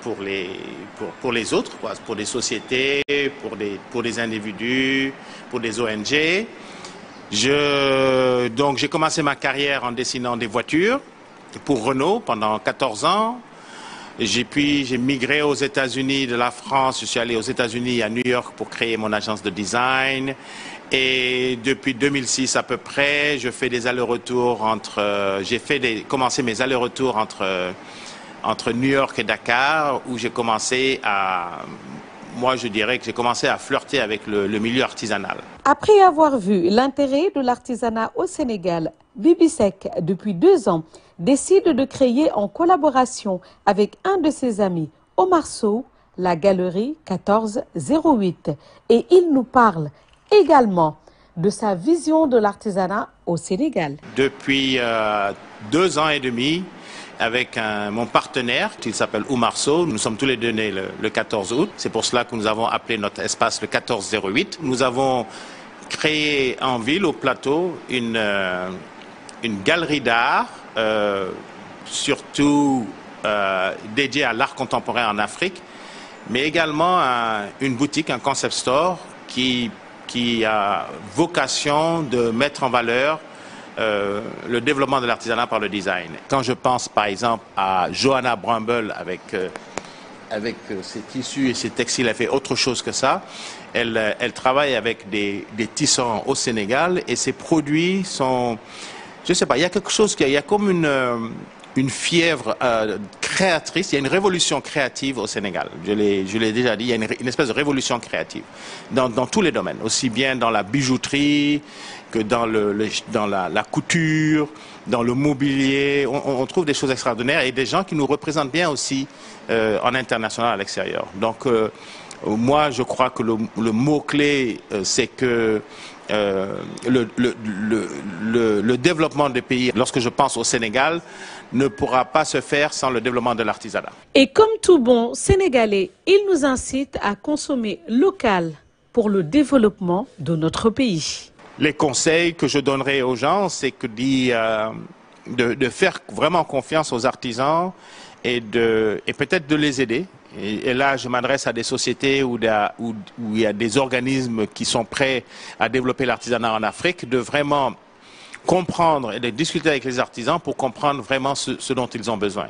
pour les, pour, pour les autres, quoi, pour des sociétés, pour des, pour des individus, pour des ONG. donc j'ai commencé ma carrière en dessinant des voitures pour Renault pendant 14 ans. J'ai puis j'ai migré aux États-Unis de la France. Je suis allé aux États-Unis à New York pour créer mon agence de design. Et depuis 2006 à peu près, je fais des allers-retours entre. j'ai fait des, commencé retours entre entre New York et Dakar, où j'ai commencé à moi, je dirais que j'ai commencé à flirter avec le, le, milieu artisanal. Après avoir vu l'intérêt de l'artisanat au Sénégal, Bibisec, depuis deux ans, décide de créer en collaboration avec un de ses amis, Omar Sow, la galerie 1408. Et il nous parle également de sa vision de l'artisanat au Sénégal. Depuis euh, deux ans et demi, avec un, mon partenaire, qui s'appelle Oumarso. Nous sommes tous les deux nés le, le 14 août. C'est pour cela que nous avons appelé notre espace le 1408. Nous avons créé en ville, au plateau, une, euh, une galerie d'art, euh, surtout euh, dédiée à l'art contemporain en Afrique, mais également une boutique, un concept store qui, qui a vocation de mettre en valeur euh, le développement de l'artisanat par le design. Quand je pense par exemple à Johanna Bramble avec, euh, avec euh, ses tissus et ses textiles, elle fait autre chose que ça. Elle, euh, elle travaille avec des, des tissons au Sénégal et ses produits sont... Je sais pas, il y a quelque chose, il y a comme une euh, une fièvre euh, créatrice, il y a une révolution créative au Sénégal. Je l'ai, je l'ai déjà dit, il y a une, une espèce de révolution créative dans, dans, tous les domaines, aussi bien dans la bijouterie que dans, le, le dans la, la, couture, dans le mobilier. On, on, trouve des choses extraordinaires et des gens qui nous représentent bien aussi euh, en international à l'extérieur. Donc, euh, moi, je crois que le, le mot-clé, euh, c'est que euh, le, le, le, le, développement des pays, lorsque je pense au Sénégal, ne pourra pas se faire sans le développement de l'artisanat. Et comme tout bon Sénégalais, il nous incite à consommer local pour le développement de notre pays. Les conseils que je donnerai aux gens, c'est que dit, euh, de, de, faire vraiment confiance aux artisans et, de, et peut-être de les aider Et, et je m'adresse à des sociétés ou où, où il y a des organismes qui sont prêts à développer l'artisanat en Afrique, de vraiment comprendre et de discuter avec les artisans pour comprendre vraiment ce, ce dont ils ont besoin.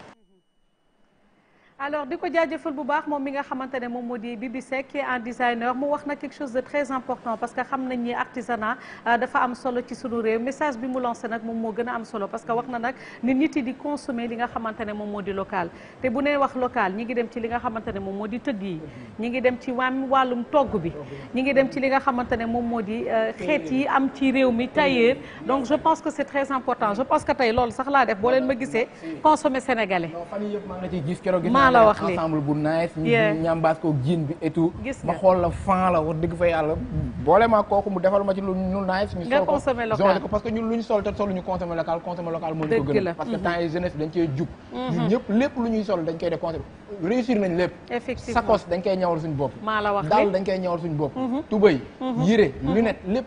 alors di ko jaajëfal bu baax moom mi nga xamante ne moom moo di Bibi Seck qui est un designer mu wax na quelque chose de très important parce que xam nañ ni artisanat euh, dafa am solo ci sunu réew message bi mu lancé nag moom moo gën a am solo parce que wax na nag nit nit di consommer li nga xamante ne moom moo di local te bu nee wax local ñi ngi dem ci li nga xamante ne moom moo di tëgg yi ñi ngi dem ci wàmm wàllum togg bi ñi ngi dem ci li nga xamante ne moom moo di euh, xeet yi am ci réew mi tailleur donc je pense que c'est très important que tey loolu sax laa def boo leen ma gisee consommer sénégalais naa la wax ensemble bu nice ñu ñambaas ko jiin bi et ma xool la fan la wax dëgg fa yàlla boole kooku mu defal ma ci lu nice ñu sol ko parce que lu ñu sol te sol ñu consommé local consommé local moo ñu ko gën parce que mm-hmm. temps yi jeunesse dañ cee jub mm-hmm. ñun lépp lu ñuy sol dañ koy def consommé réussir nañ lépp sakos dañ koy ñawal suñu bopp dal dañ koy ñawal suñu bopp mm-hmm. tubéy yére lunette lépp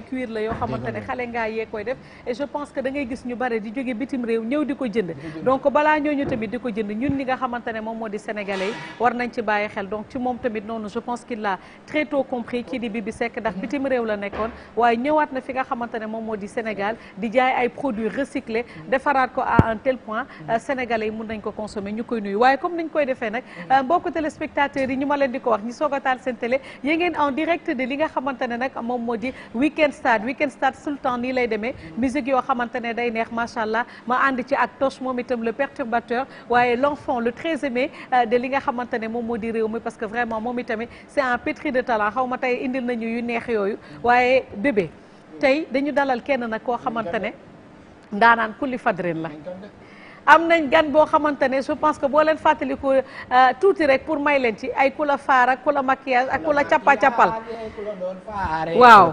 cuir la yoo xamante xale ngaa yee koy def et je pense que da ngay gis ñu bare di jóge bitim réew ñëw di ko jënd donc ñooñu tamit di ko jënd ñun ñi nga xamante moom moo di Sénégal di jaay ay produits recyclés defaraat ko à un tel point euh, sénégalais yi mun nañ ko consommer ñu koy nuyu waaye comme niñ koy defee nag euh, mbokku téléspectateurs yi ñu ma leen di ko wax ñi soog seen télé yéen ngeen en direct de li nga xamante nag moom moo di week weekend start weekend start sultan nii lay demee musique yoo xamante ne day neex macha allah ma ànd ci ak Toch moom itam le perturbateur waaye l'enfant le très aimé euh, de li nga xamante ne moom moo di réew mi parce que vraiment moom itamit c'est un pétri de talent xaw ma tey indil nañu yu neex yooyu waaye bébé tey dañu dalal kenn nag koo xamante ne ndaanaan kulli fadrin la am nañ gan boo xamante ne je pense que boo leen fàttaliku euh, tuuti rek pour may leen ci ay ku la faar ak ku la maquillage ak ku la cappa cappal waaw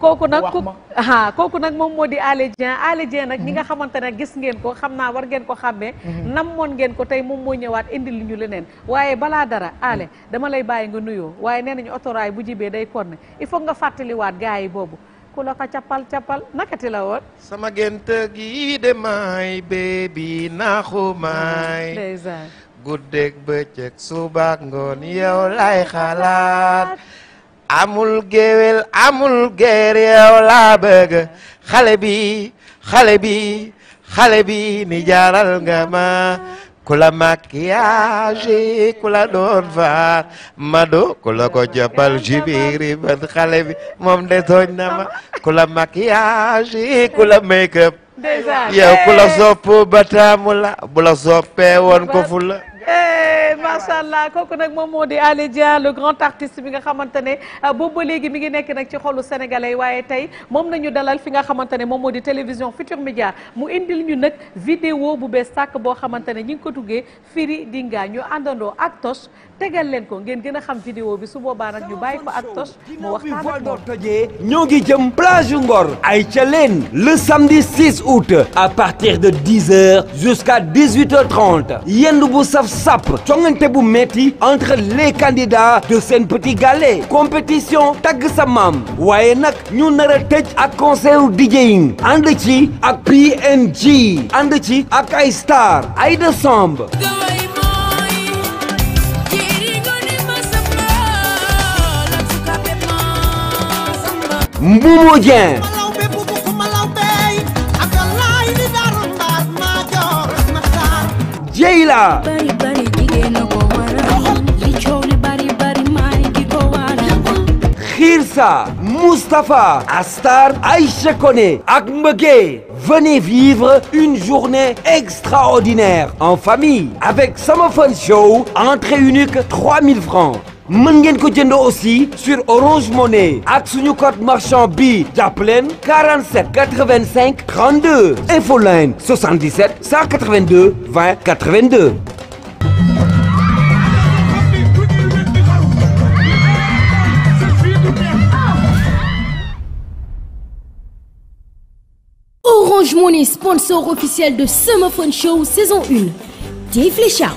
kooku nag ku a kooku nag moom moo di Alé Dieng Alé Dieng nag ñi nga xamante ne gis ngeen ko xam naa war ngeen ko xàmmee mhm. namoon ngeen ko tey moom moo ñëwaat indi li ñu leneen waaye balaa dara Alé mhm. dama lay bàyyi nga nuyoo waaye nee nañu otoraay bu jibee day konne il faut nga fàttaliwaat gars yi boobu ku la capal capal cappal nakati la woon. sama gént gi de maay bi naaxu maay. Mm, ndeysaan. guddeeg bëccëg subaak ngoon yow lay xalaat. amul géwél amul géer yow laa bëgg xale bi xale ni jaaral nga ma. kula maquillage kula doon faar mado kula ko jàppal jibiri ba xale bi moom de tooñ na ma kula maquillage kula make up yow kula sopp ba taamu la bu la soppee woon ko fu la Eh, macha allah kooku nag moom moo di Aly Dia le grand artiste bi nga xamante ne euh, boobu ba léegi mi ngi nekk nag ci xolu sénégalais waaye tey moom nañu dalal fi nga xamante ne moom moo di télévision Futur Média mu indil ñu nag vidéo bu bees sàkk boo xamante ne ñi ngi ko tuggee Firi Dinga ñu àndandoo ak Toch tegal leen ko ngeen gën a xam vidéo bi su boobaa nag ñu bàyyi ko ak tos mu waxtaan ak moom tojee ñoo ngi jëm plage Ngor ay ca leen le samedi 6 août à partir de 10h jusqu'à 18h30 yendu bu saf sap congante bu metti entre les candidats de Sen Petit Gallé compétition tagg sa maam waaye nag ñu nar a tëj ak concert DJing ànd ci ak PNG ànd ci ak ay star ay décembre Momo Dieng Jeyla Khirsa Moustapha Astar Aïcha Koné ak Mbëggé Venez vivre une journée extraordinaire en famille avec Sama Show entrée unique francs mën ngeen ko jëndoo aussi sur Orange Money ak suñu code marchand bi jàpp leen 47 85 32 infoline 77 182 20 82. Orange Money sponsor officiel de Summer Fun Show saison 1 Dave Léchard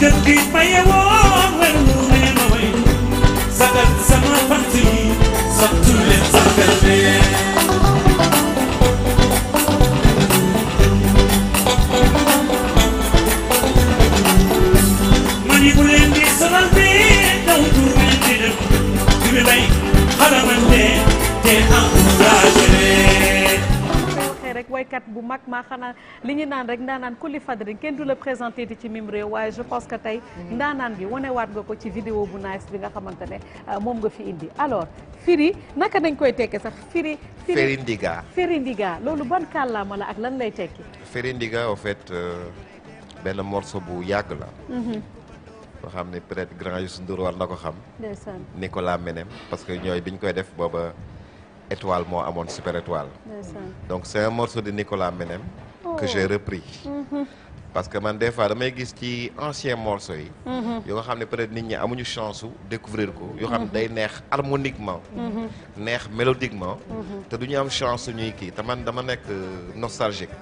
gën di maye woon wér mu ne ma way sagal sama fant yi sant leen sagal leen woykat bu mag maa xanaa li ñu naan rek naan kulli fadrin kenn du la présenté ti ci mim waaye je pense que tey mm-hmm. ndaanaan bi waat nga ko ci vidéo bu nice bi nga xamante ne euh, moom nga fi indi alors firi naka dañ koy tekke sax firi firi ndiga firi ndiga loolu ban kàllaama la ak lan lay tekki firi ndiga en fait euh, benn morceau bu yàgg la boo mm-hmm. xam ne peut-être grand Youssou Ndour war na ko xam Nicolas Menem parce que ñooy biñ koy def booba étoile moo amoon super étoile donc c'est un morceau de Nicolas Menem que j'ai oh. repris mm-hmm. parce que man des fois damay gis ci ancien morceau yi mm-hmm. yoo nga xam ne peut-être nit ñi amuñu chance su découvrir ko yoo xam ne mm-hmm. day neex harmoniquement neex mélodiquement te duñu am chance suñuy kii te man dama nekk euh, nostalgique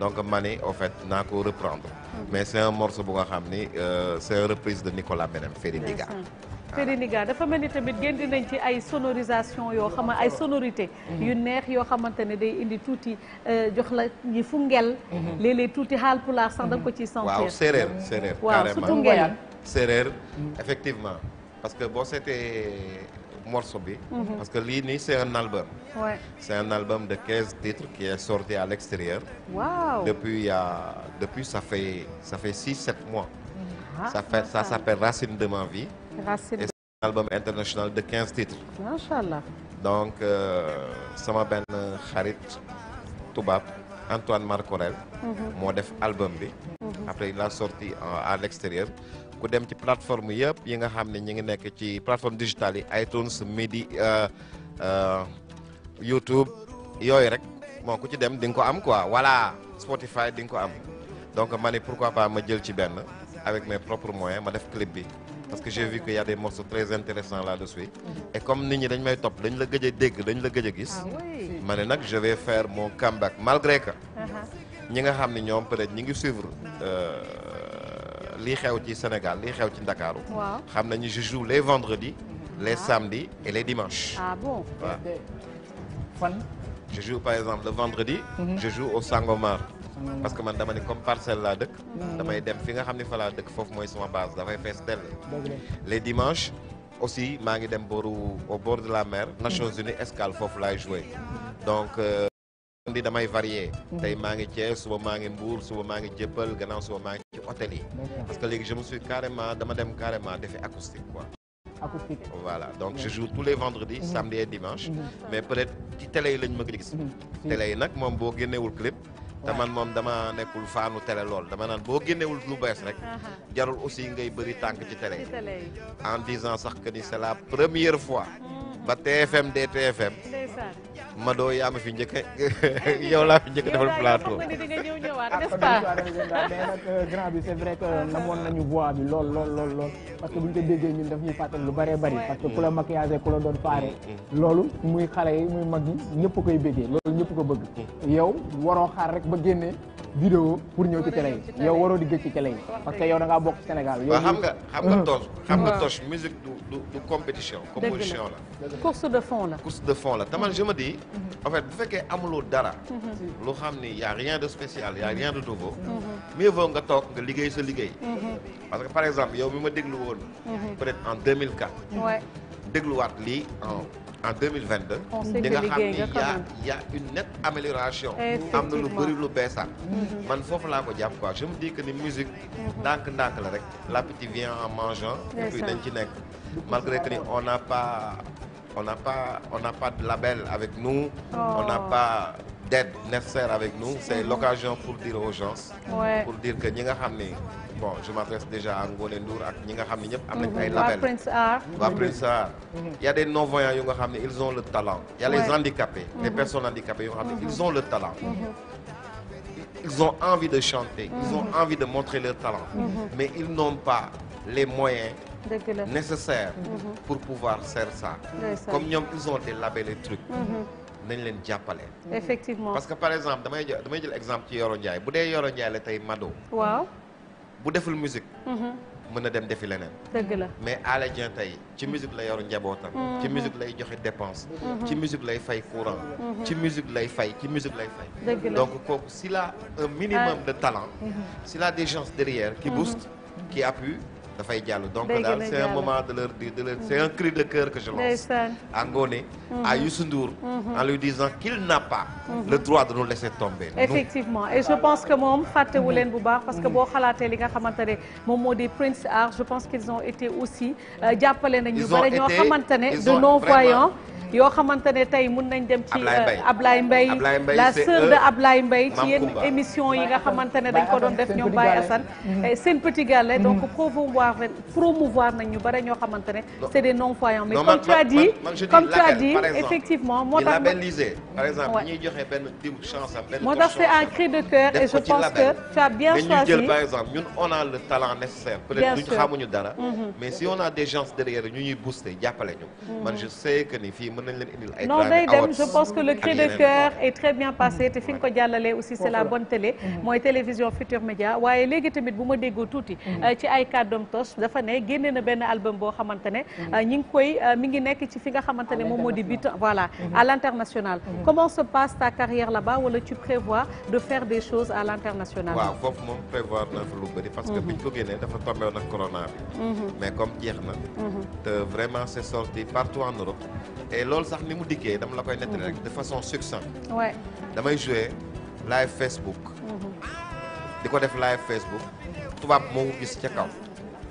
donc ma ni au fait naa ko reprendre mais c'est un bu nga xam ni euh, c'est une reprise de Nicolas Menem Fadi Ndiaga Péréniga dafa mel ni tamit génn nañ ci ay sonorisation yoo xam ay sonorité yu mhm. neex yoo xamante ne day indi tuuti euh, jox la ñi fu ngel mhm. léeg tuuti xaal pulaar sax da ko ci mhm. sentir waaw séeréer séeréer waaw ngel séeréer effectivement parce que boo seetee morceau bi parce que lii nii c'est un album c'est un album de 15 titres qui est sorti à l'extérieur depuis il y a depuis ça fait ça fait 6 7 mois ah, ça s'appelle Racine de ma vie Racine et son album international de quinze titres. macha donc euh, sama benn xarit tubaab Antoine Marcorel. Mhm. moo def album bi. Mhm. après il a sorti à l'extérieur ku dem ci plateforme yëpp yi nga xam ne ñu ngi nekk ci plateforme digitale yi iTunes Midi euh, euh, YouTube yooyu rek moo ku ci dem di nga ko am quoi voilà Spotify di nga ko am donc ma ne pourquoi pas ma jël ci benn avec mes propres moyen ma def clip bi. parce que j'ai vu que y a des morceaux très intéressants là-dessus et comme nit ñi dañ may topp dañ la gëj a dégg dañ la gëj a gis ah ma ne nag je vais faire mon comeback malgré que uh-huh. ñi nga xam ne ñoom peut-être ñi ngi suivre euh, lii xew ci Sénégal lii xew ci Ndakaaru xam nañu je joue les vendredis les samedis et les dimanches ah bon waaw je joue par exemple le vendredi mm-hmm. je joue au Sangomar parce que man dama ni comme parcelle laa dëkk. Mm. damay dem fi nga xam ne fa laa dëkk foofu mooy suma base dafay fees dell. les dimanche aussi maa ngi dem booru au bord de la mer. Nations Unies Escale foofu laay joué donc. Euh, di damay varier mm. tey maa ngi Thiès suba maa ngi Mbour suba maa ngi Jëppal gannaaw suba maa ngi ci hôtel yi parce que léegi je me suis carrément dama dem carrément defi acoustique quoi acoustique voilà donc je joue tous les vendredis mm-hmm. samedi et mm-hmm. mais peut-être ci télé yi lañ mm-hmm. nag moom boo génnewul clip te man moom dama nekkul faanu télé lool dama naan boo génnewul lu bees rek uh-huh. jarul aussi ngay bëri tànk ci télé en disant sax que ni la première fois mm. ba TFM de TFM. Mado yaa ma fi njëkk yow laa fi njëkk defal plateau. Ah, n'est-ce euh, grand bi c'est vrai que namoon nañu voix bi lool lool lool lool parce que bu ñu ko déggee ñun daf ñuy fàttali lu bare bëri parce que ku la maquillage ku la doon faare mm, mm, mm. loolu muy xale yi muy mag yi ñëpp koy béggee loolu ñëpp ko bëgg yow waroo xaar rek ba génnee vidéo pour ñëw ci télé yi yow waroo di ci télé yi parce que yow da ngaa bokk Sénégal yow xam nga xam nga toos xam nga toos musique du compétition compétition la course de fond la course de mhm. en fait bu fekkee amuloo dara mhm. lu xam ni y a rien de spécial y a rien de nouveau mhm. mieux vaut nga toog nga liggéey sa liggéey parce que par exemple yow mi ma déglu woon peut-être en 2004 dégluwaat lii en 2022. di nga xam ni a amélioration. am na lu bëri lu beesaat. Mhm. man foofu laa ko jàpp quoi je me dis que ni musique mhm. ndànk-ndànk la rek l'appétit vient en mangeant. et puis dañ ci nekk malgré que ni on n'a pas on n'a pas on n'a pas label avec nous. on n'a oh. pas. d'aide nécessaire avec nous c'est l'occasion pour dire pour dire que ñi nga xam ne bon je m'adresse déjà à Ngoné Ndour ak ñi nga xam ne ñëpp am nañ ay mhm. label waa Prince mhm. il y a des non-voyants xam ne ils ont le talent il y a ouais. les mhm. handicapés mm xam ne ils ont le talent mm -hmm. ils ont envie de chanter ils ont envie de montrer leur talent mais ils n'ont pas les moyens nécessaires pour pouvoir faire ça comme ñoom ils ont des labels et trucs nañ leen jàppale. effectivement parce que par exemple damay jël damay jël exemple ci Yoro Ndiaye bu dee Yoro Ndiaye la tey Mado. bu deful musique. Mm-hmm. mën na dem defi leneen. mais Alé Dieng tey ci musique la yor njabootam. Mm-hmm. ci musique lay joxe dépense. Mm-hmm. ci musique lay fay courant. ci musique lay fay ci musique la donc kooku s'il a un minimum ah. de talent. s'il a des gens derrière ki boostent qui appuient. dafay jàll donc daal c'est un moment de leur de leur c'est un cri de cœur que je lance à Ngoné mhm. à Youssou mhm. en lui disant qu'il n'a pas mhm. le droit de nous laisser tomber effectivement et je pense que moom fàttewu leen bu baax parce que boo xalaatee li nga xamante ne moom moo di Prince Art je pense qu'ils ont été aussi euh, jàppale nañu bari ñoo xamante ne de non voyants yoo xamante ne tey mun nañ dem ci Ablaye Mbaye euh, la sœur de Ablaye Mbaye ci yenn émission yi nga xamante ne dañ ko def ñoom Baye Assane mhm. eh, seen petit gallé donc mhm. promouvoir promouvoir bare ñoo xamante ne c'est des non voyants mais comme tu as dit effectivement moo tax par de cœur et je pense que tu as bien choisi jël par exemple ñun on a le talent nécessaire peut-être duñ xamuñu dara mhm. si on a des gens derrière ñu ñuy booster jàppale ñu je mën nañ leen indil ay que le cri de cœur est ko jàllalee aussi c'est la bonne télé mhm. mooy télévision Futur Média waaye léegi tamit bu ma déggoo tuuti mhm. euh, ci ay kàddoom tos dafa ne génne na benn album boo xamante ne mhm. euh, ñi ngi koy euh, mi ngi nekk ci fi nga xamante ne moom moo di but voilà à l'international comment se passe ta carrière là-bas wala tu prévois de faire des choses à l'international waaw foofu moom prévoir na lu bëri parce que biñ ko génnee dafa tombé nag corona bi mais comme jeex na te vraiment c'est sorti loolu sax ni mu dikkee dama la koy nettali rek de façon succincte. ouais damay jouer live Facebook. Mhm. di ko def live Facebook tubaab moo gis ca kaw.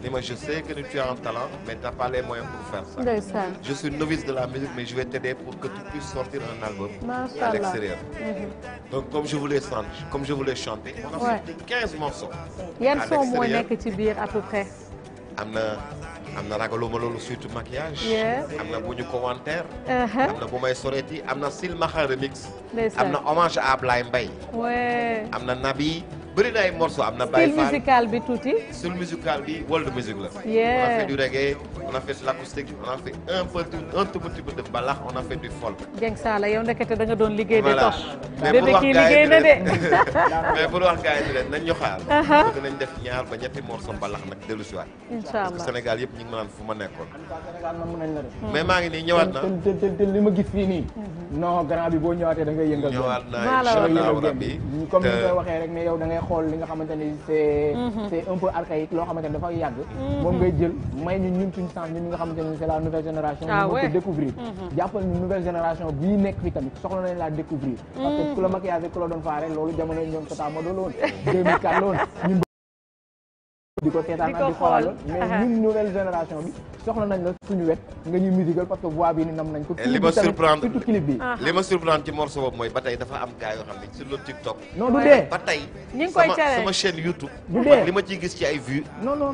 ni ma je sais que tu as un talent mais t'as pas les pour faire ça. je suis novice de la musique mais je vais t'aider pour que tu puisses sortir un album. macha mhm. donc comme je voulais chanter comme je voulais chanter. on a sorti son moo nekk ci biir à peu près. am na am na ragaluma loolu surtout maquillage. am na bu ñu commentaire. Uh-huh. am na bu may soreeti am na Silmaxa remix. am na hommage à Ablaye Mbaye. am na Nabi. bëri na ay morceaux am na. Baye Fall style musical bi tuuti. style musical bi world music la. yeah on a fait du reggae on a fait de l'acoustique on a fait un peu un tout petit a du folk. Saala yow ndekete da nga doon liggéey de tox. bébé kii wax gars yi leen nañ ñu xaar. bëgg nañ def ñaar ba ñetti nag dellu si waat. incha allah parce que Sénégal yëpp ñu ngi mënaan fu ma maa ngi nii ñëwaat na te te te li ma gis fii nii. Mhm. non grand bi boo ñëwaatee da ngay yëngal. ñëwaat naa incha allah rabbi comme ni nga waxee rek ne yow da ngay xool li nga xamante ni c'est mhm. c'est archaïque loo xamante dafa yàgg mhm. moom ngay jël may ñu ñun suñu sens nga xamante ni la nouvelle génération ah ñu découvrir mhm. jàppal ni nouvelle génération bii nekk fi tamit soxla nañ laa découvrir parce que ku la maquillage ku la doon faare loolu jamono ñoom Tata Mado la woon 2004 di ko seetaan ak di xool mais ñun nouvelle génération bi soxla nañ la suñu wet nga ñuy musical parce que voix ni nam nañ ko eh, li ma surprendre surtout clip bi ah. li ma surprendre ci morceau boobu mooy ba tey dafa am gars xam ne sur le TikTok non du dee ba tey ñu ngi koy YouTube du dee li ma ciy gis ci ay vues non non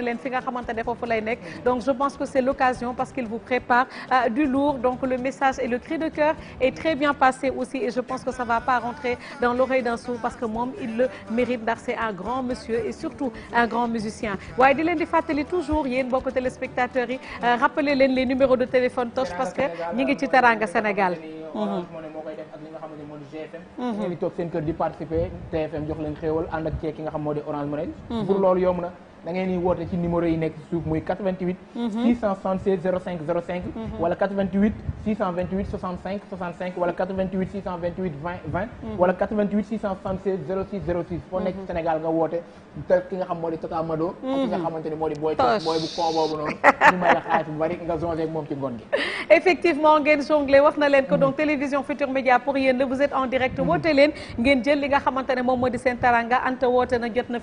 na leen fi nga xamante ne foofu donc je pense que c'est l'occasion parce qu'il vous prépare du lourd donc le message et le cri de cœur est très bien passé aussi et je pense que ça va pas rentrer dans l'oreille d'un sourd parce que moom il le mérite ndax grand monsieur et surtout un grand de téléphone touch parce que ñi ngi ci Sénégal Orange Money pour loolu yomb da woote ci numéro yi nekk ci muy 88. 676 05 05. wala 88 628 65 65 wala 88 628 mhm. wala 88 676 06 06. foo nekk ci mhm. Sénégal nga woote te ki nga xam moo di Tata Mado. ak ki nga mhm. xamante ni moo di booy. toos booy bu koo boobu noonu. ñu may la xaalis bu bari nga zongé ak moom ci ngoon gi. effectivement ngeen jonglé wax na leen ko donc télévision Futur Média pour yéen la vous êtes en ngeen jël li na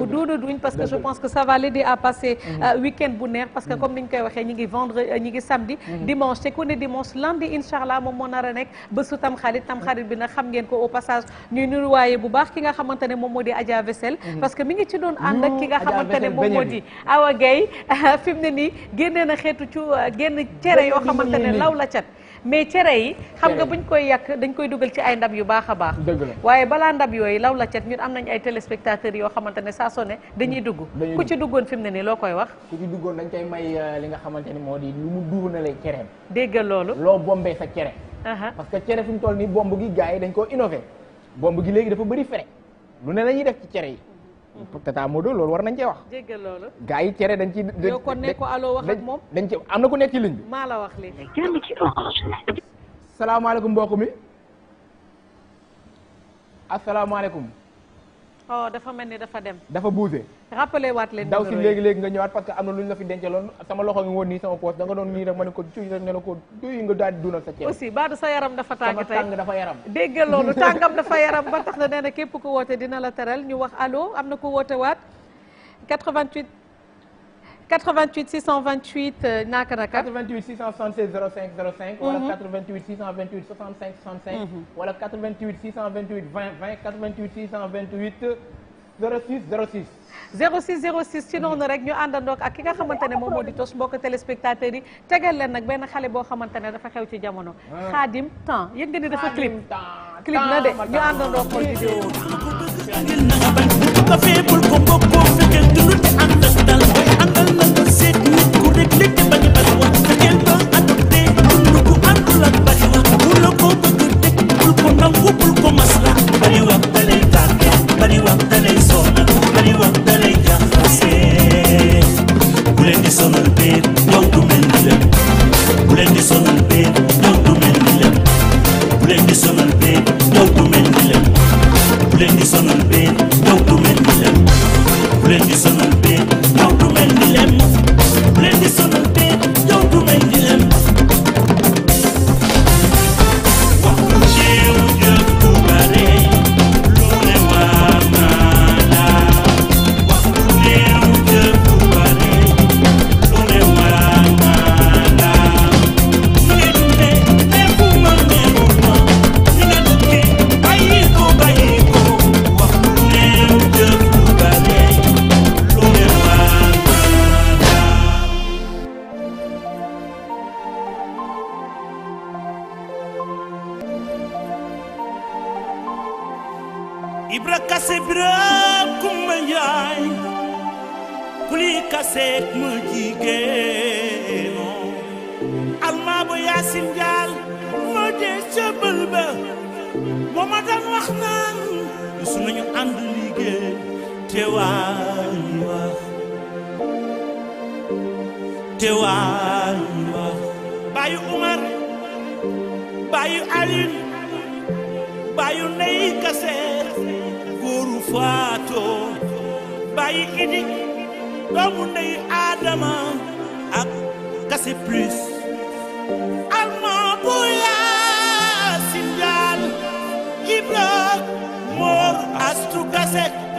jot duñ parce que je pense que ça va l'aider à passer mhm. euh, week-end bu neex parce que mhm. comme niñ koy waxee ñi ngi vendredi euh, ñi ngi samedi mhm. dimanche te ku ne dimanche lundi inchaallah moom moo nar a nekk bésu tam xarit tam xarit bi nag xam ngeen ko au passage ñuy waaye bu baax ki nga xamante ne moom moo di Adja Vessel parce que mi ngi ci doon ànd ak ki nga xamante ne moom moo di Awa Gaye fi mu ne nii génnee na xeetu ci euh, génn cere yoo xamante ne law la cat mais cere yi xam nga buñ koy yàq dañ koy dugal ci ay ndab yu baax a baax dëgg waaye balaa ndab yooyu law la cet ñun am nañ ay téléspectateurs yoo xamante ne saa sone dañuy dugg ku ci duggoon fi mu ne nii loo koy wax ku ci duggoon dañ koy may euh, li nga xamante ni moo di lu mu duur na lay cereem déggal loolu loo bombee sa cere parce que cere fi mu toll nii bomb gi gars dañ koo innové bomb gi léegi dafa bëri fere lu ne la ñuy def ci cere yi tata Modou loolu war nañ cee wax. jéggal loolu. gars yi cere dañ ci yow kon ko allo wax moom dañ ci am na ku ne ci ligne bi. maa la wax léegi. salaamaaleykum mbokk mi asalaamaaleykum. oh dafa mel ni dafa dem. dafa bougé. rappelé waat leen numéro yi léegi léegi nga ñëwaat parce am na lu ñu la fi dencaloon sama loxo ngi woon nii sama poos da doon nii rek ma ne ko cuy rek nga daal di sa ceeb. aussi Badou yaram dafa tàng dafa yaram. dégg loolu tàngam dafa yaram ba tax na nee na képp ku woote dina la teral ñu wax allo am na ku woote waat 88. 88 628 naka naka. 88 676 05 05. wala 88 628 65 65. wala 88 628 20 20 88 628 06 06. 06 06 ci noonu rek ñu àndandoog ak ki nga xamante ne moom moo di tos mbokk téléspectateurs yi tegal leen nag benn xale boo xamante ne dafa xew ci jamono. Ah. xaadim temps yëg nga ni dafa clip. clip na de ñu àndandoog ko vidéo. wax naan su nañu ànd liggéey te waay te waay baayu Umar baayu Alin baayu Ney Kase góoru Faato baayu Idi doomu Ney Adama ak Kase plus Astro Cassette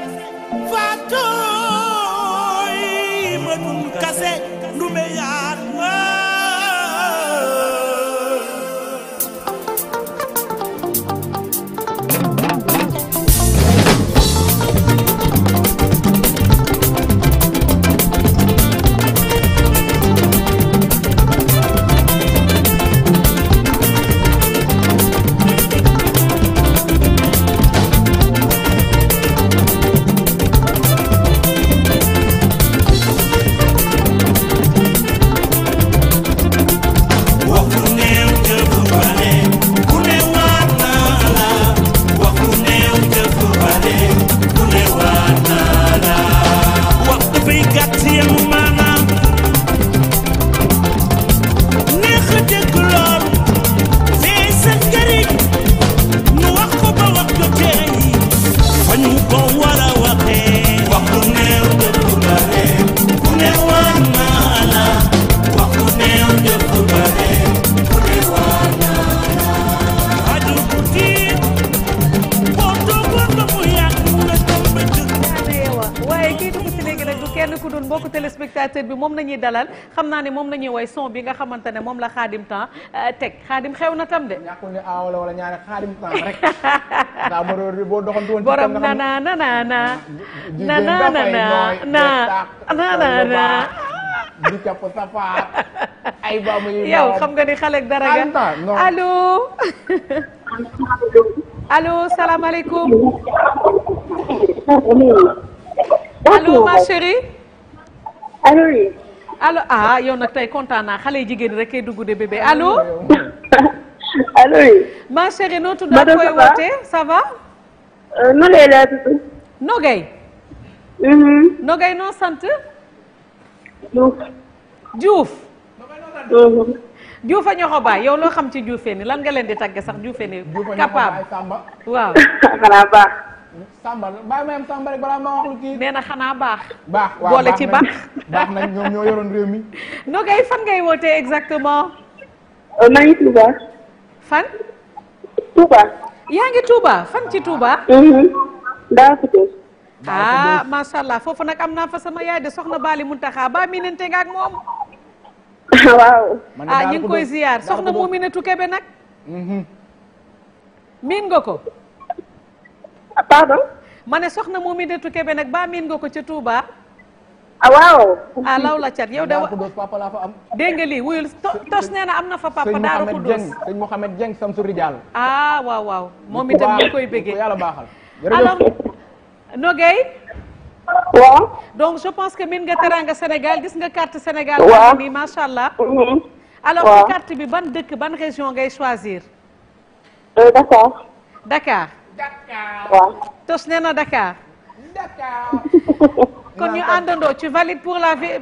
naa ne moom la ñuy woy son bi nga xamante ne moom la xaadim temps euh, teg xaadim xew na tam de. ñàkkul ne aaw la wala ñaari xaadim temps rek. daa ma doon boo doxantu woon. borom na na na na na. na na na na na na di capp safaar ay ba muy yow xam nga ni xale ak dara nga allo allo salaamaaleykum allo ma chérie allo alo ah yow nag tey kontaan naa xale jigéen rek dugg de bébé allo. allo oui. ma chérie noo tudd ak koy wootee ça va. Euh, Nogay laa tudd. Nogay. Nogay noo sant. Diouf. Diouf. Mm-hmm. Diouf a ñoxo baay yow loo xam ci Diouféni lan nga leen di tàgge sax Diouféni. sàmba bàyyi ma yem sàmba na xanaa baax. baax waaw boole ci baax. baax nañ ñoo yoroon réew mi. no fan ngay wootee exactement. Euh, maa ngi Touba. fan. Touba. yaa ngi Touba fan ci Touba. Mhm. daa ko ah macha allah foofu nag am naa fa sama yaay de soxna Baali Muntaxa ba mi nente nga ak moom. waaw. ah ñu ngi koy ziar soxna Muminatu Kebe nag. Mhm. miin nga ko. Ah, pardon. ma ne soxna Mominatu Kebe nag ba miin nga ko ca Touba. ah waaw. ah law la cat yow de wa papa laa fa am. dégg lii wuyul tos nee na am na fa papa. Daaru Kudus sëñ Mouhamed Dieng Samsu Rijal. ah waaw waaw moom itam ñu koy bëggee yàlla baaxal. donc je pense que min nga teranga Sénégal gis nga carte Sénégal. waaw nii macha allah. Mm-hmm. alors ci carte bi ban dëkk ban région ngay choisir. Euh, Dakar. Dakar waaw. tos nee na Dakar. kon ñu àndandoo tu valides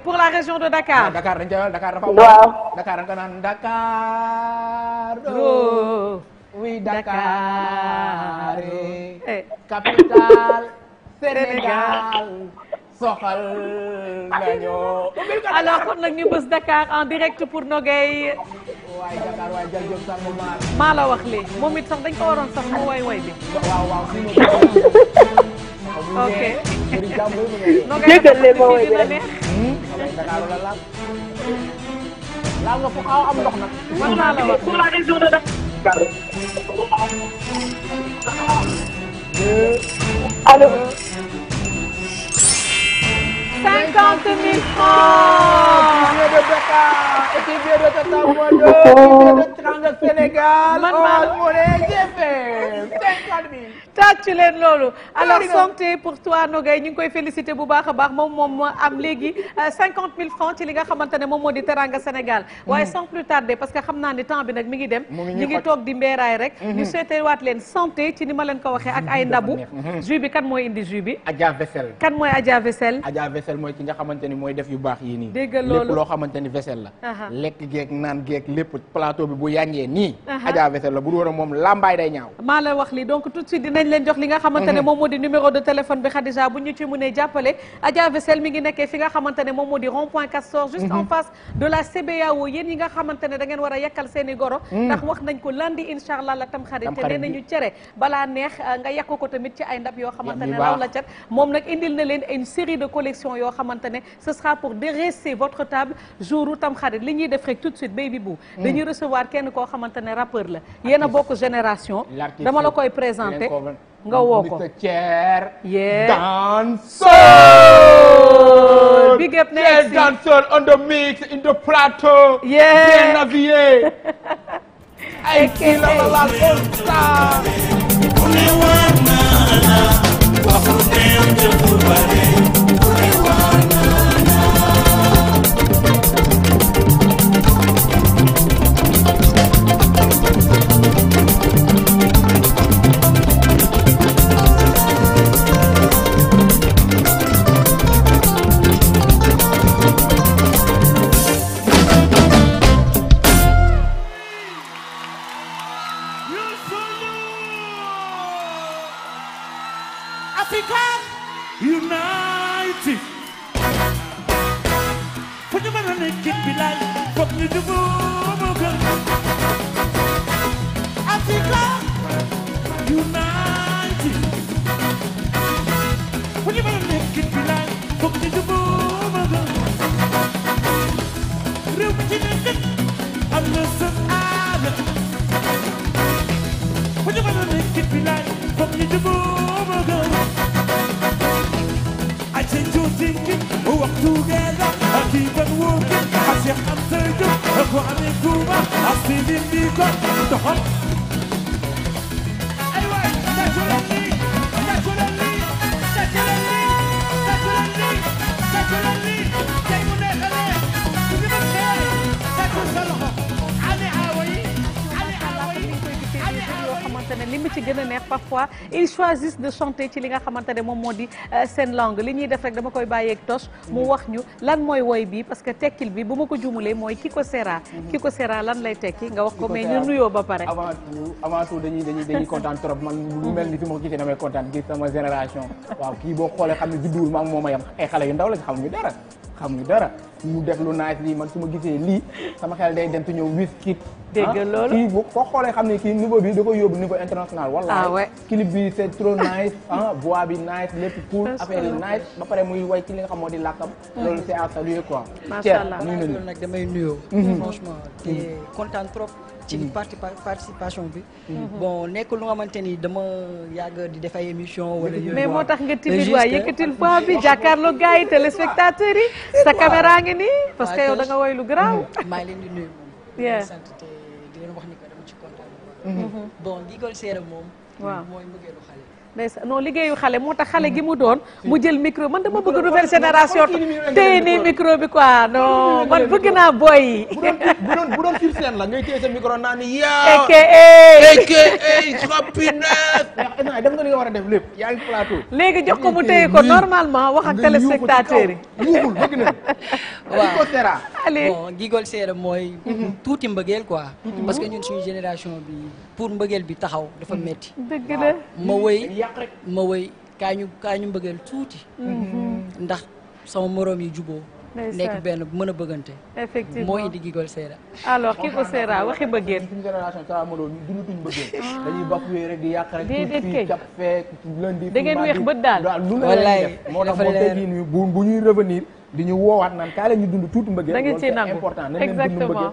pour la région de Dakar. Ah, Dakar dañ koy Dakar dafa. waaw Dakar dañ ko Dakar. oh oui Dakar. Eh. Eh. capitale Sénégal. alors kon nag ñu Dakar en direct pour Nogaye. maa la wax lii moom it sax dañ ko waroon sax mu way way bi. ok. jégalee ma way bi rek. Hmm? laal nga fu xaw am ndox nag. man maa la wax. allo. cinquante mille francs. équipe de taekwondo équipe de Teranga Sénégal. man oh, maa tàccu leen loolu. alors santé pour toi Nogay ñu ngi koy félicité bu baax a baax moom moom moo am léegi euh, cinquante mille francs ci li nga xamante ne moom moo di Teranga Sénégal. Mm. waaye sans plus tarder parce que xam naa ne temps bi nag mi ngi dem. ñu ngi toog di mbeeraay rek. Mm-hmm. ñu seetewaat leen santé ci ni ma leen ko waxee ak ay mm-hmm. ndabu. Mm-hmm. jus bi kan mooy indi jus bi. Adja kan mooy Adja Vessel. mooy ki nga xamante ni mooy def yu baax yi nii. dégg loolu vaisselle lekk geeg naan geeg lépp plateau bi bu yànjee nii Adja vaisselle la bu dul woon moom lambaay day ñaaw maa la wax li donc tout de suite dinañ leen jox li nga xamante mhm. moom moo di numéro de téléphone bi Khadija bu ñu ci yi mhm. nga xamante ne da ngeen war goro mhm. ndax wax nañ ko lundi incha allah la tam te nee nañu cere balaa neex euh, nga yàq ko tamit ci ay ndab yoo xamante raw la cat moom nag indil na leen une série de collections yoo xamante jour tam li ñuy def rek tout de suite baby bu mm. dañuy recevoir kenn koo xamante ne rappeur la yéen a bokk génération dama la koy présenter nga woo ko yeah danseur big up next danseur on the mix in the plateau yeah navier ay kii la la la all Hey, wait, that's what I need. xamante ne li ci gën a neex parfois ils choisissent de chanter ci li nga xamante ne moom moo di euh, seen langue li ñuy def rek dama koy bàyyeeg Toch mu wax ñu lan mooy woy bi parce que tekkil bi bu ma ko jumulee mooy ki ko sera ki ko sera lan lay tekki nga wax ko mais ñu nuyoo ba pare avant tout avant tout dañuy dañuy dañuy kontaan trop man lu mel ni fi ma ko gisee damay kontaan gis sama génération waaw kii boo xoolee xam ne judduwul maa ngi moom yam ay xale yu ndaw la xam ñu xamuñu dara mu def lu nice lii man su ma gisee lii sama xel day dem ci ñëw Wizkid. dégg ah, loolu kii bu ko xoolee xam ne kii niveau bi da koy yóbbu niveau international. ah clip bi c'est trop nice ah bi nice lépp cool affaire nice ba pare muy way ci li xam moo di làkkam. Mm. loolu c'est à saluer quoi. macha allah Thier nuyu nañu damay nuyoo. Mm-hmm. franchement mm-hmm. te kontaan ci mm. parti participation bi. Mm-hmm. Mm-hmm. bon nekk lu nga xamante ni dama yàgg di def émission wala moo tax nga timide waaye yëkkatil poids bi jàkkaarloo gars yi téléspectateurs yi. sa caméra ngi parce que yow da nga lu garaaw. Mm-hmm. maa ngi leen di nuyu. bien sant te di leen ni ko dama ci kontaan. bon Guigol ndeysaan non liggéeyu xale moo tax xale gi mu doon mm-hmm. mu jël micro man dama bëgg nouvelle génération téye nii micro bi quoi non man bëgg naa booy yi bu doon la ngay téye sa micro naa ni yaa eke eke happiness def nga li war a def lépp yaa ngi plateau ko mu téye ko normalement wax ak téléspectateurs yi yuuxul bëgg na waaw bon Guigol Seera mooy mm-hmm. tuuti mbëggeel quoi mm-hmm. parce que ñun suñu génération bi pour mbëggeel bi taxaw dafa metti dëgg la ma wëy yàq rek ma woy kaa ñu kaa tuuti mhm. ndax sama moroom yi juboo nekk benn mën a bëggante effectivement moo indi Guigol Séra alors Guigol Séra waxi bëggeen suñu ah. yàq rek déedéet kay cap weex bët daal lu ne bu ñuy revenir bi ñu woowaat naan kaay la ñu dund tuuti mbëggeel. da ngeen ciy nangu important nañ leen dund mbëggeel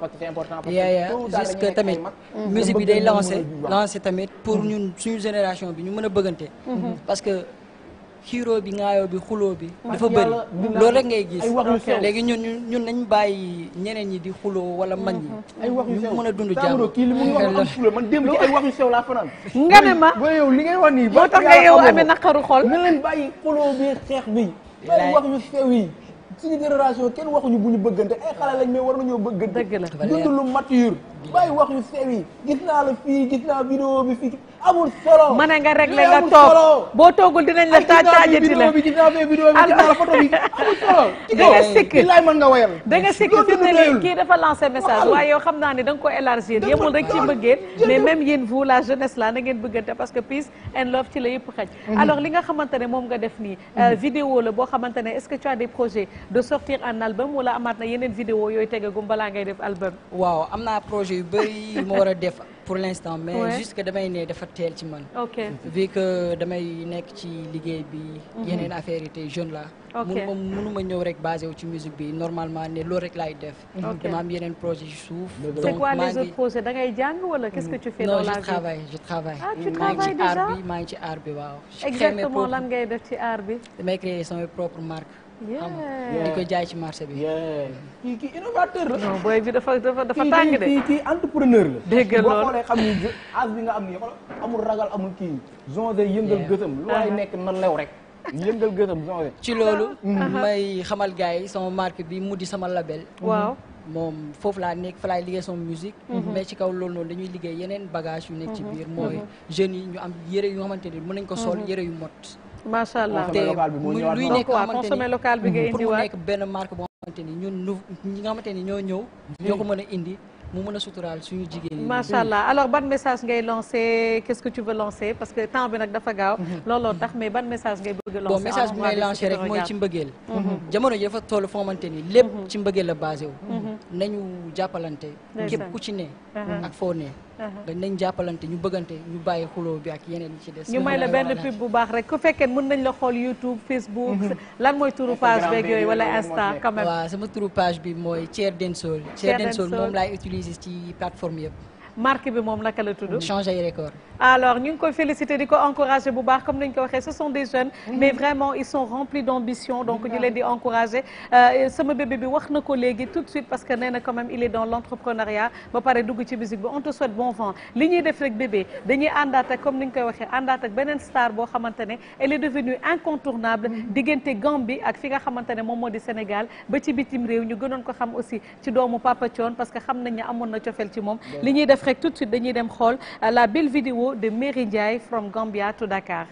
parce que c'est tamit mm-hmm. musique bi day lancé lancé tamit pour mm-hmm. ñun suñu génération bi ñu mën a bëggante. Mm-hmm. parce que xiiroo bi ngaayoo bi xuloo bi. dafa bëri loolu rek ngay gis. léegi ñun ñun nañ bàyyi ñeneen ñi di xulo wala mag ñi. ay wax yu sew ñu mën a dund jàmm. man démb ci ay wax yu sew laa fanaan. nga ne ma ba yow li ngay wax nii. boo tax nga yow amee naqaru xol. na leen bàyyi xuloo bi xeex bi. ay wax suñu génération kenn waxuñu bu ñu bëggante ay xale lañ mais war nañoo bëgg bëggante dund lu mature bàyyi wax yu sew yi gis naa la fii gis naa vidéo bi fii amul solo. mën nga réglé nga toog boo toogul dinañ la taaj taajati la gis naa vidéo bi vidéo bi gis naa la photo sikk ci laay kii dafa lancé message waaye yow xam naa ne da nga ko élargir yemul rek ci mbëggeel mais même yéen vous la jeunesse la na ngeen bëggante parce que peace and love ci la yëpp xaj. Mhm. alors li nga xamante ne moom nga def nii. Euh, mhm. vidéo la boo xamante ne est-ce que tu des projets de sortir un album wala amaat na yeneen vidéo yooyu tegagum balaa ngay def album. yu bëri yu ma war a def pour l'instant mais juste que damay nekk ci liggéey bi mhm. yeneen affaire yi tey jeune la mënuma mënuma ñëw rek basé wu ci musique bi normalement ne loolu rek laay def dama am yeneen projet ci suuf c'est quoi les autres projets da ngay jàng wala quest je travaille ah, maa ngi ci art bi maa ngi ci art bi waaw exactement lan ngay def ci art bi damay créer sama propre marque xam nga koy jaay ci marché bi. kii kii la. non booy bi dafa dafa dafa tàng de. kii kii entrepreneur la. dégg nga loolu boo xoolee xam ni as bi nga am nii xoolal amul ragal amul kii. zonze yëngal gësam lu waay uh-huh. nekk na lew rek. yëngal gësam zonze. ci loolu. Uh-huh. Uh-huh. may xamal gars yi sama marque bi mu di sama label. waaw. moom foofu laa nekk fa laay liggéey sama musique mais ci kaw loolu noonu dañuy liggéey yeneen bagage yu nekk ci biir mooy jeunes yi ñu am yëre yu nga xamante ni mën nañ ko sol yëre yu mot macha allah te luy nekk consommé local bi nga indi waat pour mu nekk benn marque boo xamante ni ñun nu ñi nga xamante ni ñoo ñëw. ñoo ko mën a indi mu mën a suturaal suñu jigéen ñi. ban message ngay lancer qu'est-ce que tu veux lancer parce que temps bi nag dafa gaaw. Mhm. looloo tax mais ban message ngay bëgg a lancer. bon message bi may lancer rek mooy ci mbëggeel. Mhm. Mhm. jamono ji dafa toll foo xamante ni lépp ci mbëggeel la basé wu. nañu jàppalante. képp ku ci ne. ak foo Uh-huh. dañ nañ jàppalante ñu bëggante ñu bàyyi xuloo bi ak yeneen yi ci des ñu may la benn pub bu baax rek ku fekkee mën nañ la xool youtube facebook mhm. lan mooy turu page beeg yooyu wala insta quand même waaw sama turu page bi mooy Thier Densol Thier Densol moom laay utiliser ci plateforme yëpp marque bi moom naka la tudd. changer ay record. koy féliciter di ko encourager bu baax comme nañu ko waxee ce sont des jeunes. mais vraiment ils sont remplis d'ambition. donc ñu ah. leen di encourager euh, sama bébé bi wax na ko léegi tout de suite parce que nee na quand même il est dans l'entrepreneuriat ba pare dugg ci musique bi on te souhaite bon vent li ñuy def rek bébé dañuy àndaat ak comme ni ñu koy waxee àndaat ak beneen star boo xamante ne elle est devenue incontournable diggante Gambie ak fi nga xamante ne moom moo di Sénégal ba ci bitim réew ñu gënoon ko xam aussi ci doomu Papa Thione parce que xam nañ amoon na cofeel ci moom li ñuy def rek tout de suite dañuy dem xool euh, la belle vidéo de Mary Ndiaye from Gambia to Dakar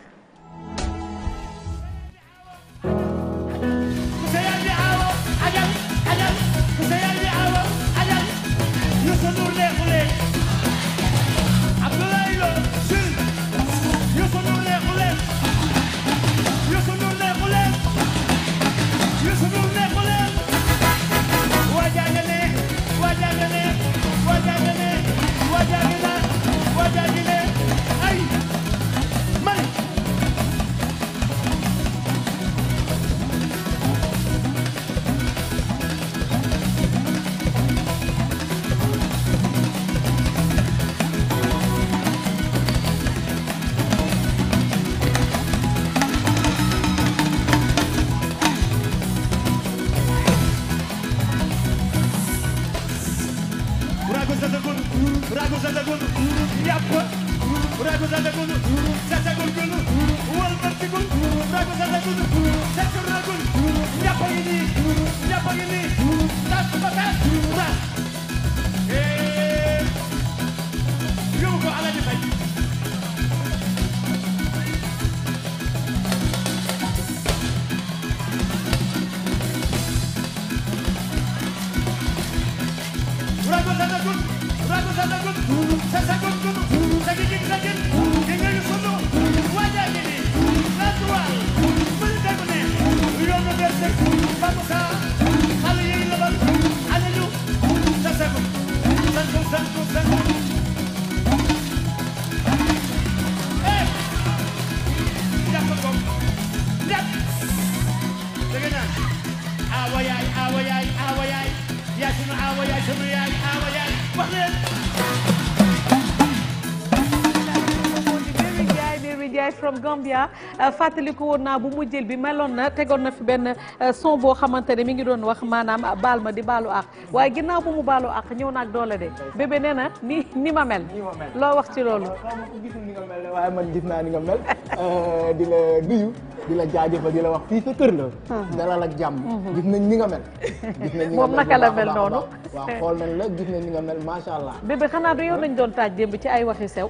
Gambia euh, fàttaliku woon naa bu mujjël bi meloon na tegoon na fi benn euh, son boo xamante ne mi ngi doon wax maanaam baal ma di baalu ak waaye ginnaaw bu mu baalu ak ñëw naag doole de bébé nee na ni ni ma mel loo wax ci loolu gisul ni nga mel waaye gis naa ni nga mel euh, di la nuyu di la jaajëfal di la wax fii sa kër la hmm. dalal ak jàmm hmm. gis na ni nga mel gis nañ moom naka la mel noonu waaw xool nañ la gis nañ ni nga mel macha allah bébé xanaa du yow nañ doon taaj démb ci ay waxi sew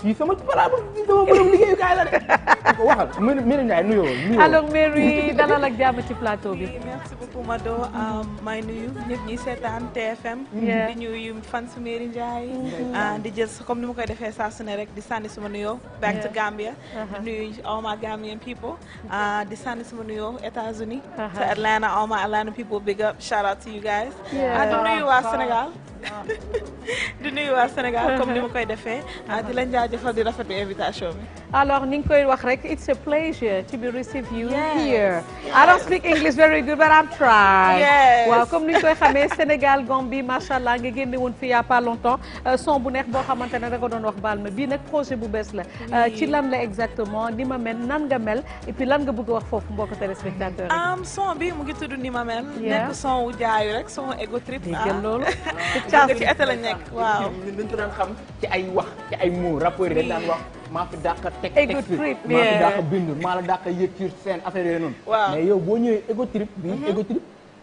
fii sama palaa sama borom liggéeyukaay Ndiaye la de ko waxal Mery Ndiaye nuyoo nuyoo. alors Mery dalal ak jàmm ci plateau bi. merci beaucoup Mado euh, may nuyu ñëpp ñuy seetaan TFM. Mm-hmm. di nuyu fan si Mery Ndiaye. Mm-hmm. Euh, di jël comme ni ma koy defee saa su ne rek di sànni suma nuyoo. back to Gambia. Uh-huh. di nuyu all my Gambian people. Euh, di sànni suma nuyoo États-Unis uh-huh. to Atlanta all my Atlanta people big up shout out to you guys. Ah, di nuyu waa Sénégal. di nuyu waa Sénégal comme ni ma koy defee. Ah, di leen jaajëfal di rafetlu invitation bi. alors ni nga koy wax rek it's a pleasure to be receive you yes. here I don't speak English very good but I'm trying yes. waaw comme ni ñu koy xamee Sénégal Gambie macha allah nga génne woon fi y a pas longtemps euh, son bu nekk boo xamante ne da nga doon wax baal ma bii nag projet bu bees la euh, ci lan la exactement ni ma mel nan nga mel et puis lan nga bëgg wax foofu mbokk téléspectateur am um, son bi mu ngi tudd ni ma mel nekk son wu jaayu rek son ego trip dégg ah. loolu ci été lañ nekk waaw ñun dañ ko daan xam ci ay wax ci ay mots rapport ma fi dàq a teg fi maa fi dàq bind maa la dàq yëg ci seen affaire yooyu noonu. waaw mais yow boo ñëwee ego trip bi mm-hmm. ego trip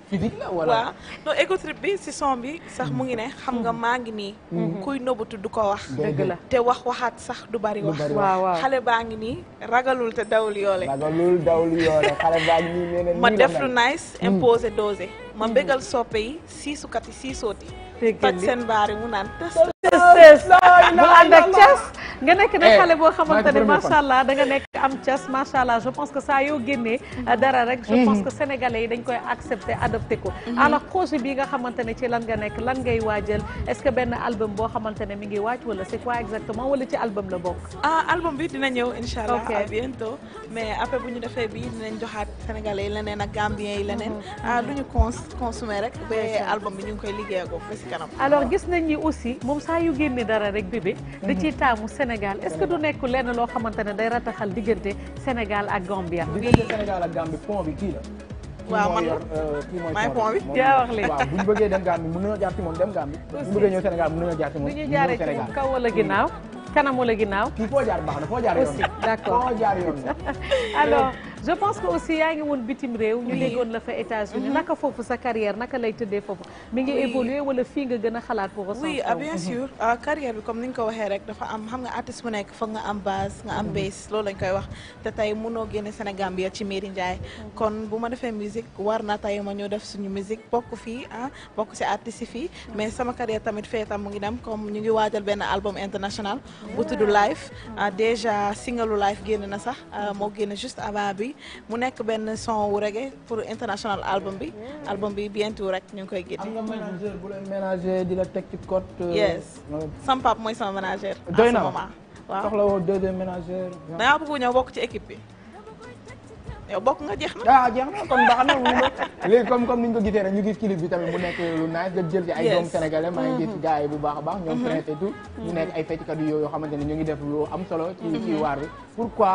physique la bi sax mu ngi ne xam nga mm-hmm. maa ngi nii. Mm-hmm. kuy nëbbatu du ko wax. dëgg la te wax waxaat sax du bari wax. waaw xale baa ngi nii ragalul te dawul yoole. ragalul dawul yoole xale baa ngi na ma def lu nice mm. imposé dosé. ma mm. bégal soppe yi siisukat yi siisooti. fekk seen baari mu naan test. Thiès oh, mu ànd ak Thiès nga nekk nag eh, xale boo xamante ne macha allah nekk am Thiès macha allah je pense que saa yoo génnee mm-hmm. dara rek je mm-hmm. pense que yi dañ koy accepter adopté ko mm-hmm. alors nga xamante ne ci lan nga nekk lan ngay waajal est-ce que benn album boo xamante ne mi ngi waaj wala c'est quoi exactement wala ci album la bokk ah album bi dina ñëw incha allah à bu ñu defee bi dinañ joxaat sénégalais yi leneen ak gambien yi leneen ah du ñu consommer rek ba album bi ñu ngi koy liggéey ko ba si saa yu génne dara rek bébé mm-hmm. da ciy taamu Sénégal est-ce que du nekk lenn loo xamante ne day al diggante Sénégal ak Gambia. diggante Sénégal ak Gambie pont bi kii la. waaw man euh, maay pont bi yaa wax léegi waaw bu ñu bëggee dem Gambie mën nañoo jaar ci moom dem Gambie. aussi bu ñu bëggee ñëw Sénégal mën nañoo jaar ci moom. ñu jaaree ci moom kaw wala ginnaaw mm. kanam wala ginnaaw. kii foo jaar baax na foo jaar yoon. aussi d'accord je pense que aussi yaa ngi woon bitim réew. ñu léegoon la fa États-Unis mhm. naka foofu sa carrière naka lay tëddee foofu. mi ngi évoluer wala fii nga gën a xalaat pour. oui ah, bien mhm. sûr ah, carrière bi comme ni nga ko waxee rek dafa am xam nga artiste bu nekk foog am base nga am mhm. base lañ koy wax te tey mënoo génne Sénégal bi ci Mary Ndiaye. kon bu ma defee musique war na tey ma ñëw def suñu musique bokk fii a ah, bokk si artiste fii. mais sama carrière tamit fee tam mu ngi dem comme ñu ngi waajal benn album international. bu tudd live déjà single live génn na sax moo génn juste avant bi. mu nekk benn son wu reggae pour international album bi album bi bientôt rek ñu ngi koy génne. am nga manager bu leen ménager di la teg ci euh, mooy sama manager. doy na waaw soxla woo deuxième ménager. da ngaa bëgg ñëw bokk ci équipe bi. yow bokk na. ah jeex na kon baax na mu léegi comme comme ni ñu ko gisee rek ñu ngi clip bi tamit mu nekk lu nice nga jël ci ay doom sénégalais maa ngi mm-hmm. yi bu baax a baax ñoom mm-hmm. traité tout ñu nekk ay fecckat yoo yoo xamante ne ñu ngi def lu am solo ci ci mm-hmm. waar bi pourquoi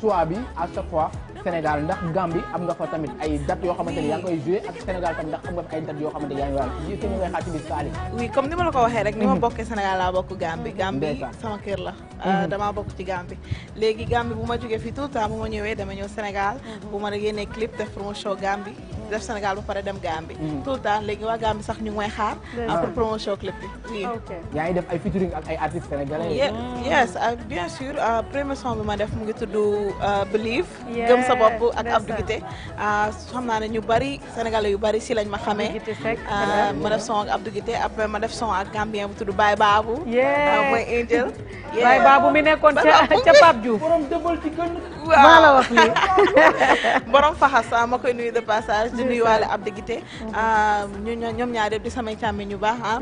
choix bi à chaque fois Sénégal ndax Gambie am nga fa tamit ay date yoo xamante ni yaa ngi koy joué ak Sénégal tam ndax am nga ay date yoo xamante ni yaa ngi waral yi ñu ngay xaar ci biir comme ni la ko waxee rek ni ma mhm. bokkee Sénégal laa bokk Gambie Gambie sama kër la mhm. euh, damaa bokk ci Gambie léegi Gambie bu ma jógee fii tout le temps ñëwee dama ñëw Sénégal mhm. bu ma génnee clip def promotion Gambie def Sénégal ba pare dem Gambie. Mm-hmm. tout le temps léegi waa Gambie sax ñu ngi a xaar. pour promotion clip bi. a yaa ngi def ay ah, bien sûr ah, premier son bi ma def mu ngi tudd ah, Believe. sa bopp ak ñu bari sénégalais yu bari si lañ ma xamee. ma def son ak Abdou Guité après ma def son ak Gambien bu tudd Baye Babou. mooy Angel. Baye Babou mi nekkoon ca ca Pape Diouf. borom dëmbal ci gën. passage. di nuyuwaale Abdou Guité ah, ñu ñoom ñaar yëpp di samay càmmi ñu baax ah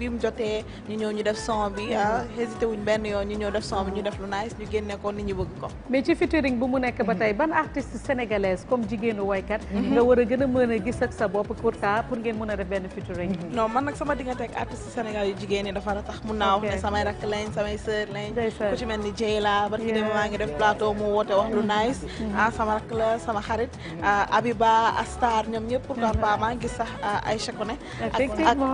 bi mu jotee ñu ñëw ñu def son bi ah. hésité benn yoon ñu ñëw def son bi def lu nice ñu génne ko nit ñi bëgg ko mais ci featuring bu mu nekk ba tey ban artiste sénégalaise comme jigéenu waykat mhm. nga war a gën a mën a gis ak sa bopp pour ça pour ngeen mën a def benn featuring mhm. non man nag sama diggante ak artiste sénégal yu jigéen ñi dafa tax mun naa wax ne samay rakk lañ samay sœur lañ ku ci mel ni Jeyla barki dem maa ngi def plateau mu mhm. ah, la sama xarit xaar ñoom ñëpp pourquoi pas maa ngi gis sax euh, Aïcha ko ne ak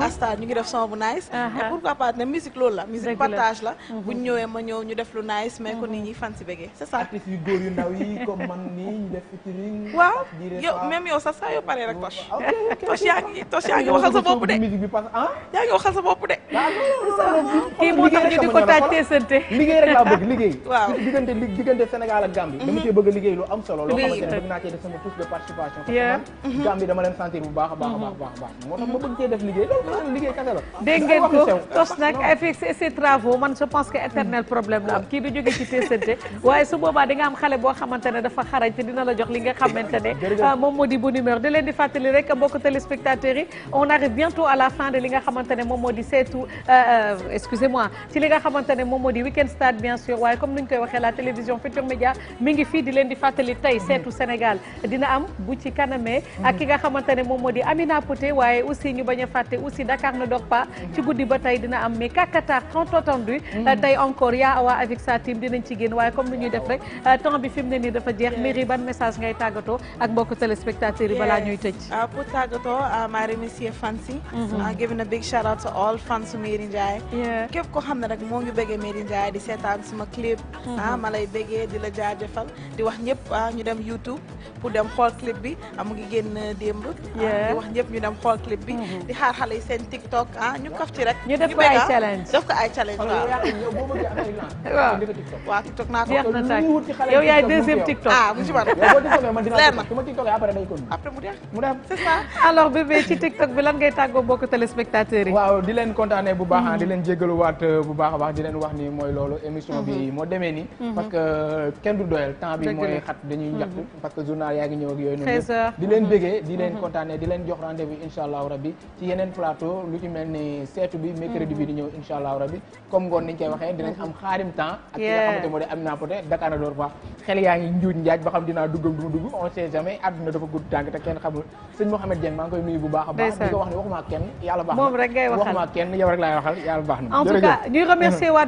Asta ñu ngi def son bu nice ah, ah. pourquoi pas ne musique loolu la musique partage la mhm. bu ñëwee ma ñëw ñu def lu nice mais ko mhm. nit ñi fan si bégee c'est ça artiste yu góor yu ndaw yi comme man nii ñu def featuring waaw yow même yow sax saa yoo paree rek Toch Toch yaa ngi Toch yaa ngi waxal sa bopp de musique bi passe ah yaa ngi waxal sa bopp de ah, kii moo tax ñu di ko taaj teesante liggéey rek laa bëgg liggéey waaw Gambie mhm. dama leen sentir bu baax a baax a baax a baax moo tax ma bëgg cee def liggéey loolu naan liggéey kase la dégg man je pense que éternel problème la am kii du jóge ci teesante waaye su boobaa di nga am xale boo xamante ne dafa xarañ te dina la jox li nga xamante ne euh, moom moo di bonne humeur di leen di fàttali rek mbokk téléspectateurs yi on arrive bientôt à la fin de li nga xamante ne moom moo di seetu euh, euh, excusez-moi ci li nga xamante ne moom moo di weekend start bien sûr waaye comme nuñ koy waxee la télévision Futur Média mi ngi fii di leen di fàttali tey seetu Sénégal dina am bu ci kanamee ak ki nga xamante ne moom moo di Amina Poté waaye aussi ñu bañ a fàtte aussi Dakar na dort pas mhm. ci guddi ba tey dina am mais kakatar tant attendu tey encore yaa awa avec sa team dinañ ci génn waaye comme lu ñuy def rek euh, temps bi fi mu ne nii dafa jeex mairie ban message ngay tàggatoo ak mbokk téléspectateurs yi balaa ñuy tëj euh, pour tàggatoo euh, maa remercier fans yi mhm. giving a big shout out to all fans képp ko xam ne rek moo ngi bëggee Mairie Ndiaye di seetaan suma clip mhm. ah, ma lay bëggee di la jaajëfal di wax ñëpp ah, ñu dem YouTube pour dem xool clip bi ah, mu ngi génn démb. Ah, di wax ñëpp ñu dem xool clip bi. Mm-hmm. di xaar xale yi seen TikTok ah ñu kaf ci rek. ñu def ko ay ah. challenge def ko ay challenge waaw. TikTok naa ko. jeex na tàkk yow yaay deuxième TikTok. ah mu ci man leer na après mu def mu def c'est ça. alors bébé ci TikTok bi lan ngay tàggoo bokk téléspectateurs yi. waaw di leen kontaanee bu baax di mm-hmm. leen jégaluwaat euh, bu baax a baax di leen wax ni mooy loolu émission bi mm-hmm. moo demee ni parce que euh, kenn du doyal temps bi temps yaa ngi ñëw ak yooyu noonu di leen mm-hmm. bëggee di leen mm-hmm. kontaane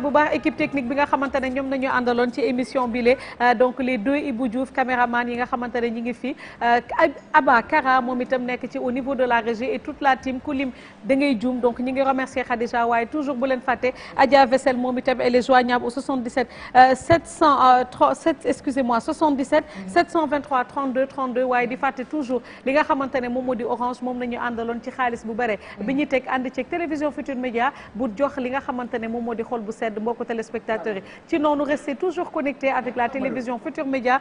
bu baax a équipe technique bi nga xamante ñoom nañu àndaloon ci émission bi euh, donc les deux Ibou Diouf caméraman yi nga xamante ñi ngi fi euh, Aba Kara moom itam nekk ci au niveau de la régie et toute la team ku lim da ngay juum donc ñi ngi remercier Khadija waaye toujours bu leen fàtte Adja Vessel moom itam elle est joignable au 77 707 euh, euh, excusez-moi 77 723 32 32 waaye di fàtte toujours li nga xamante ne moom moo di orange moom nañu àndaloon ci xaalis bu bare mhm. bi ñu teg ànd ceeg télévision Futur Média bu jox li nga xamante ne moom moo di xol bu sedd mbokku téléspectateurs yi ah ci noonu restez toujours connectés avec la télévision Futur Média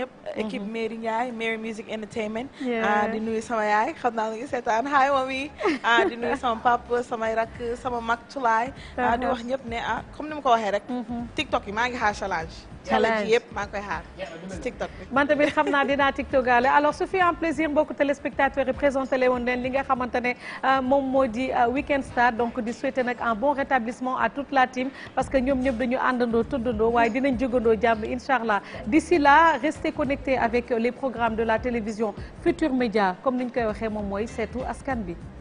ñëpp. Mm-hmm. équipe Mary Ndiaye Mary Music Entertainment. Ah, di nuyu sama yaay xam naa ngi seetaan hi mami ah, di nuyu sama papa samay rak sama mag Tulaay. Uh-huh. Ah, di wax ñëpp ne ah comme ni ma ko waxee rek. Mm-hmm. TikTok yi maa ngi xaar challenge. challenge yëpp maa ngi koy TikTok bi. man tamit naa dinaa TikTokale alors su fi un plaisir mbokku téléspectateurs yi présenté leen leen li nga xamante ne euh, moom moo di euh, Weekend Star donc di souhaiter nag un bon rétablissement à tout la team parce que ñoom ñëpp dañu àndandoo tuddandoo waaye dinañ jógandoo jàmm incha allah d'ici là restez connectés avec les programmes de la télévision Futur Média comme ni ñu koy waxee moom mooy seetu askan bi.